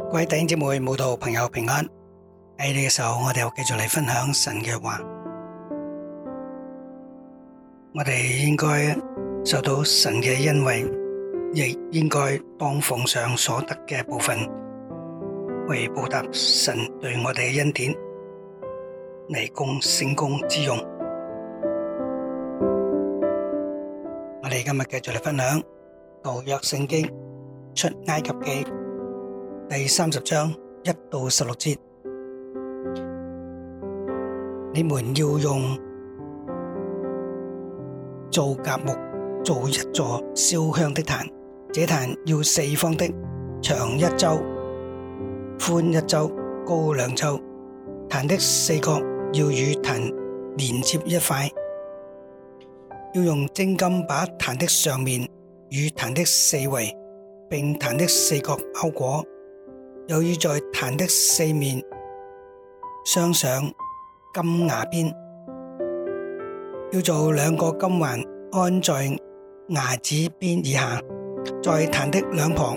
各位弟兄姐妹、慕道朋友平安，喺呢個時候，我哋又繼續嚟分享神嘅話。我哋應該受到神嘅恩惠，亦應該當奉上所得嘅部分，為報答神對我哋嘅恩典，嚟供聖工之用。我哋今日繼續嚟分享舊約聖經出埃及記。第三十章一到十六節，你們要用皂莢木做一座燒香的壇，這壇要四方的，長一周、寬一周、高兩周。壇的四角要與壇連接一塊，要用精金把壇的上面與壇的四圍，並壇的四角包裹。又要在壇的四面鑲上金牙邊，要做兩個金環安在牙子邊以下，在壇的兩旁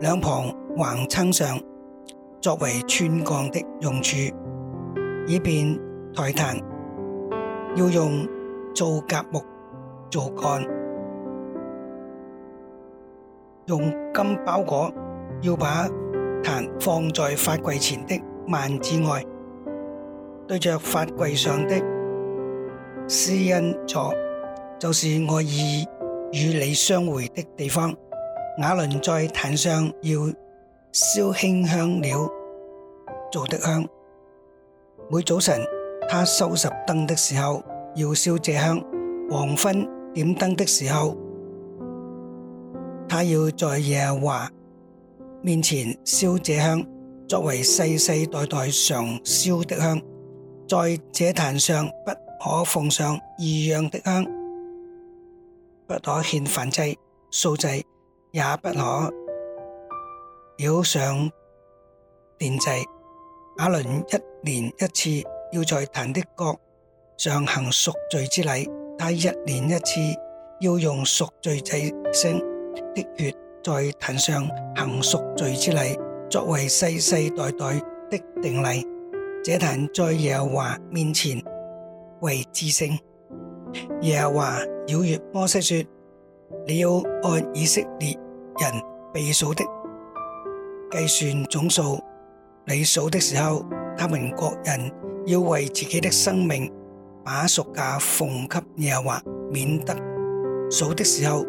兩旁橫撐上，作為穿槓的用處，以便抬壇。要用皂莢木做槓，用金包裹，要把。壇放在法櫃前的幔子外，對着法櫃上的施恩座，就是我要與你相會的地方。亞倫在壇上要燒馨香料做的香，每早晨他收拾燈的時候要燒這香，黃昏點燈的時候，他要在耶和華。面前燒這香，作為世世代代常燒的香。在這壇上不可奉上異樣的香，不可獻燔祭、素祭，也不可澆上奠祭。亞倫一年一次要在壇的角上行贖罪之禮，他一年一次要用贖罪祭牲的血，在壇上行贖罪之禮，作為世世代代的定例。這壇在耶和華面前為至聖。耶和華曉諭摩西說：你要按以色列人被數的計算總數，你數的時候，他們各人要為自己的生命把贖價奉給耶和華，免得數的時候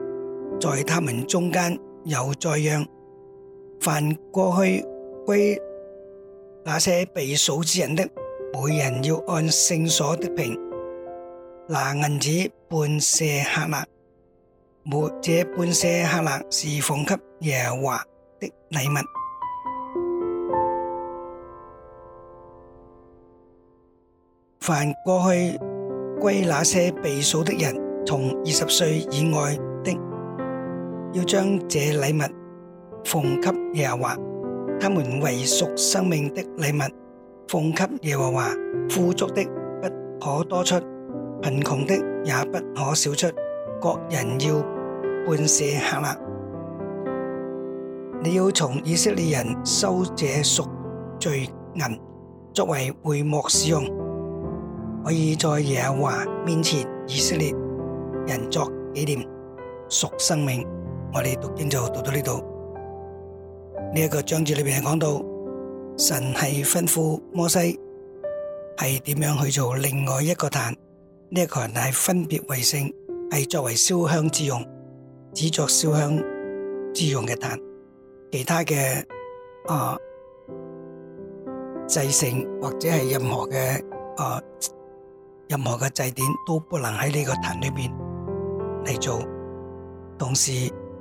在他們中間。又再讓凡過去歸那些被數之人的，每人要按聖所的平拿銀子半舍客勒，沒這半舍客勒是奉給耶和華的禮物。凡過去歸那些被數的人，從二十歲以外。要將這禮物奉給耶和華，他們為贖生命的禮物，奉給耶和華。富足的不可多出，貧窮的也不可少出。各人要半舍客勒。你要從以色列人收這贖罪銀，作為會幕使用，可以在耶和華面前以色列人作紀念贖生命。我哋讀經就讀到呢度，呢、這、一個章節裏面係講到神係吩咐摩西係點樣去做另外一個壇，呢、這、一個壇係分別為聖，係作為燒香之用，只作燒香之用嘅壇，其他嘅啊祭祀或者係任何嘅啊、呃、任何嘅祭典都不能喺呢個壇裏面嚟做，同時。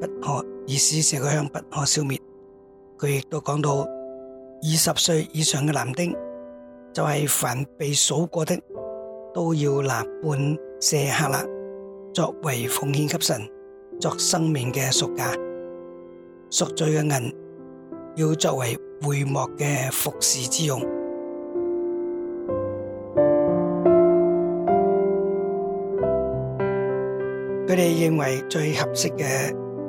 不可蛇，以使射個香不可消滅。佢亦都講到，二十歲以上嘅男丁，就係、是、凡被數過的，都要拿半舍客勒作為奉獻給神，作生命嘅贖價。贖罪嘅銀要作為會幕嘅服侍之用。佢哋認為最合適嘅。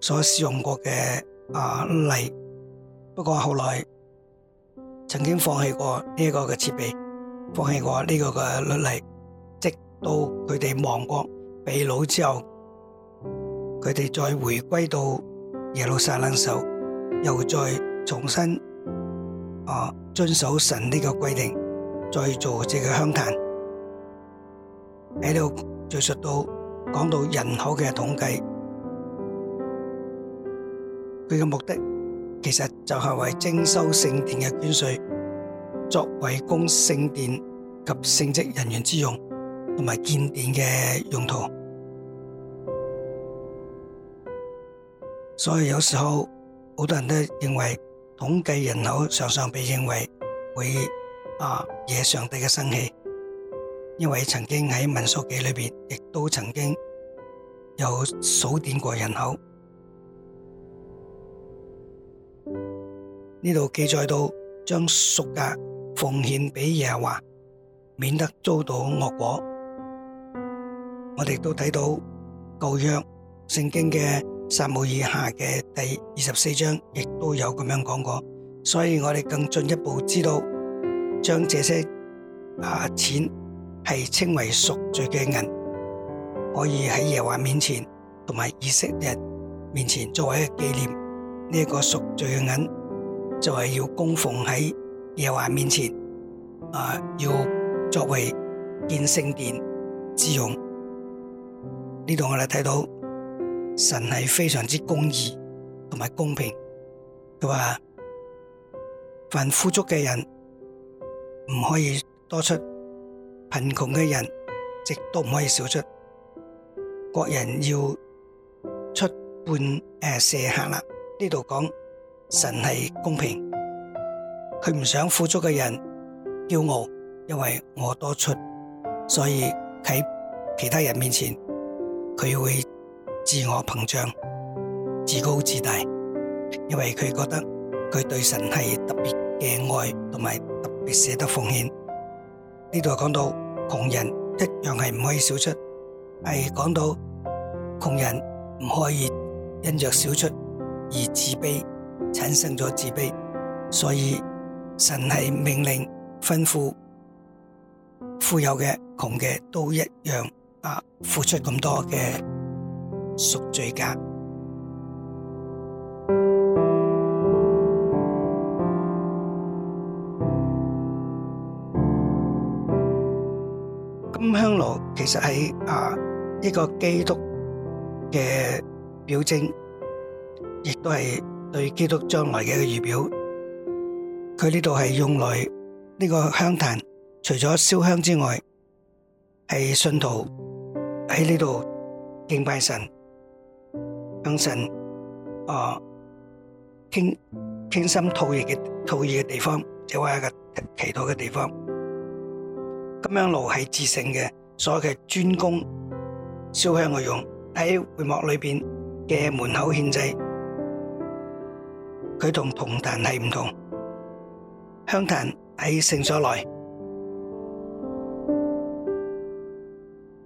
所使用過嘅啊，例，不過後來曾經放棄過呢一個嘅設備，放棄過呢個嘅律例，直到佢哋亡國被擄之後，佢哋再回歸到耶路撒冷守，又再重新啊遵守神呢個規定，再做這個香壇，喺度敘述到講到人口嘅統計。佢嘅目的其實就係為徵收聖殿嘅捐稅，作為供聖殿及聖職人員之用，同埋建殿嘅用途。所以有時候好多人都認為統計人口，常常被認為會啊惹上帝嘅生氣，因為曾經喺民數記裏面亦都曾經有數點過人口。呢度記載到將贖價奉獻俾耶華，免得遭到惡果。我哋都睇到舊約聖經嘅撒母耳下嘅第二十四章，亦都有咁樣講過。所以我哋更進一步知道，將這些啊錢係稱為贖罪嘅銀，可以喺耶華面前同埋以色列面前作為一個紀念。呢一個贖罪嘅銀就係要供奉喺耶和華面前，啊、呃，要作為建聖殿之用。呢度我哋睇到神係非常之公義同埋公平，佢話凡富足嘅人唔可以多出，貧窮嘅人亦都唔可以少出。國人要出半誒舍、呃、客勒。呢度講神係公平，佢唔想付出嘅人驕傲，因為我多出，所以喺其他人面前佢會自我膨脹、自高自大，因為佢覺得佢對神係特別嘅愛同埋特別捨得奉獻。呢度講到窮人一樣係唔可以少出，係講到窮人唔可以因着少出。而自卑，產生咗自卑，所以神係命令吩咐，富有嘅、窮嘅都一樣啊，付出咁多嘅贖罪價。 金香爐其實係啊，呢個基督嘅表徵。亦都係對基督將來嘅一個預表，佢呢度係用來呢個香壇，除咗燒香之外，係信徒喺呢度敬拜神、向神啊傾傾心吐意嘅吐意嘅地方，即係一個祈禱嘅地方。金香爐係自成嘅，所以佢係專供燒香嘅用。喺會幕裏邊嘅門口獻祭。佢同銅壇係唔同，香壇喺聖所內，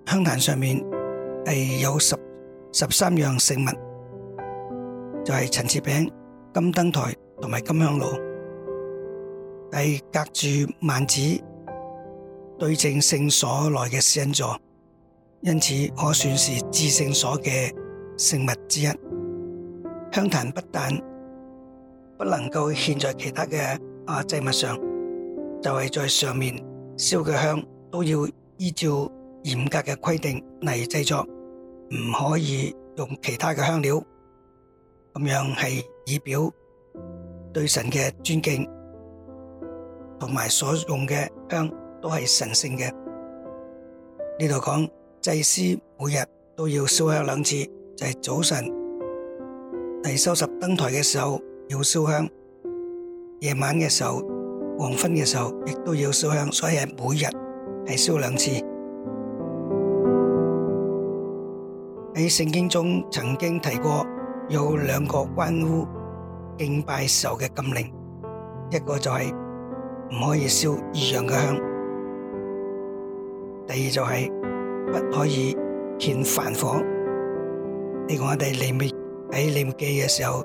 香壇上面係有十十三樣聖物，就係陳設餅、金燈台同埋金香爐，係隔住幔子對正聖所內嘅施恩座，因此可算是至聖所嘅聖物之一。香壇不但不能夠獻在其他嘅啊祭物上，就係、是、在上面燒嘅香都要依照嚴格嘅規定嚟製作，唔可以用其他嘅香料，咁樣係以表對神嘅尊敬，同埋所用嘅香都係神聖嘅。呢度講祭司每日都要燒香兩次，就係、是、早晨嚟收拾燈台嘅時候。要燒香，夜晚嘅時候，黃昏嘅時候亦都要燒香，所以係每日係燒兩次。喺聖經中曾經提過有兩個關乎敬拜神嘅禁令，一個就係唔可以燒異樣嘅香，第二就係不可以獻凡火。你我哋利未喺利未記嘅時候。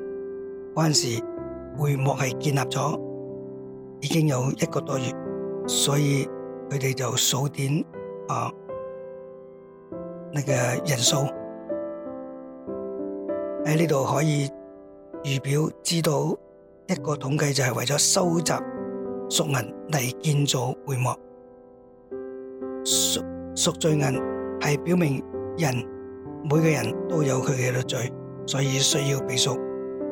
嗰陣時，會幕係建立咗，已經有一個多月，所以佢哋就數點啊，呢個人數喺呢度可以預表知道一個統計，就係為咗收集贖銀嚟建造會幕。贖贖罪銀係表明人每個人都有佢嘅罪，所以需要被贖。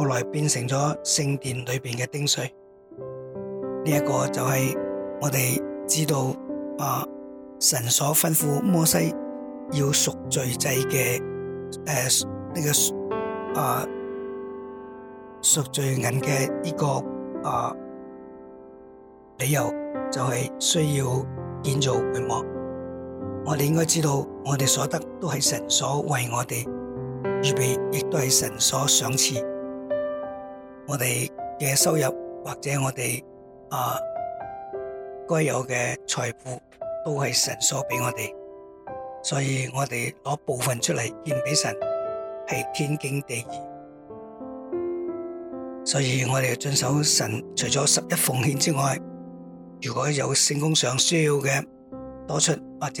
後來變成咗聖殿裏面嘅丁稅，呢一個就係我哋知道啊神所吩咐摩西要贖罪祭嘅，誒呢個啊贖罪銀嘅呢個啊理由就係需要建造會幕。我哋應該知道，我哋所得都係神所為我哋預備，亦都係神所賞賜。我哋嘅收入或者我哋啊該有嘅財富都係神所俾我哋，所以我哋攞部分出嚟獻俾神係天經地義，所以我哋要遵守神除咗十一奉獻之外，如果有聖工上需要嘅多出或者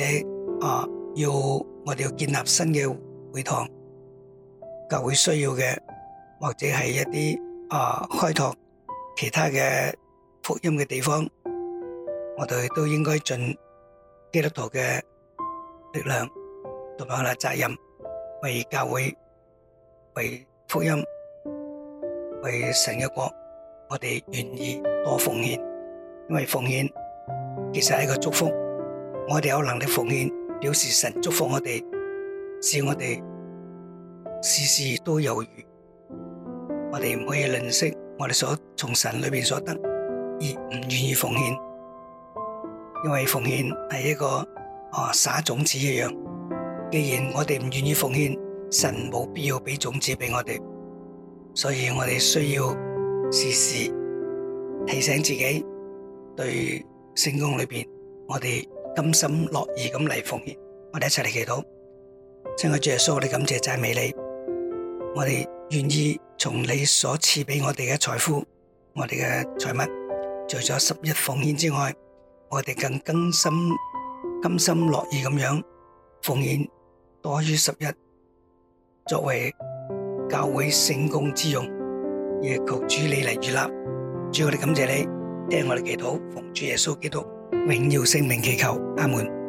啊要我哋要建立新嘅會堂、教會需要嘅或者係一啲。啊！開拓其他嘅福音嘅地方，我哋都應該盡基督徒嘅力量同埋我哋責任，為教會、為福音、為神嘅國，我哋願意多奉獻。因為奉獻其實係一個祝福，我哋有能力奉獻，表示神祝福我哋，使我哋事事都有餘。我哋唔可以吝嗇我哋所從神裏面所得，而唔願意奉獻，因為奉獻係一個哦撒種子一樣。既然我哋唔願意奉獻，神冇必要俾種子俾我哋，所以我哋需要時時提醒自己對聖工裏面，我哋甘心樂意咁嚟奉獻。我哋一齊嚟祈禱，請我主耶穌，我哋感謝讚美你，我哋願意。從你所賜俾我哋嘅財富，我哋嘅財物，除咗十一奉獻之外，我哋更甘心、甘心樂意咁樣奉獻多於十一，作為教會聖工之用。也求主你嚟預立，主我哋感謝你，聽我哋祈禱，奉主耶穌基督永耀聖名祈求，阿門。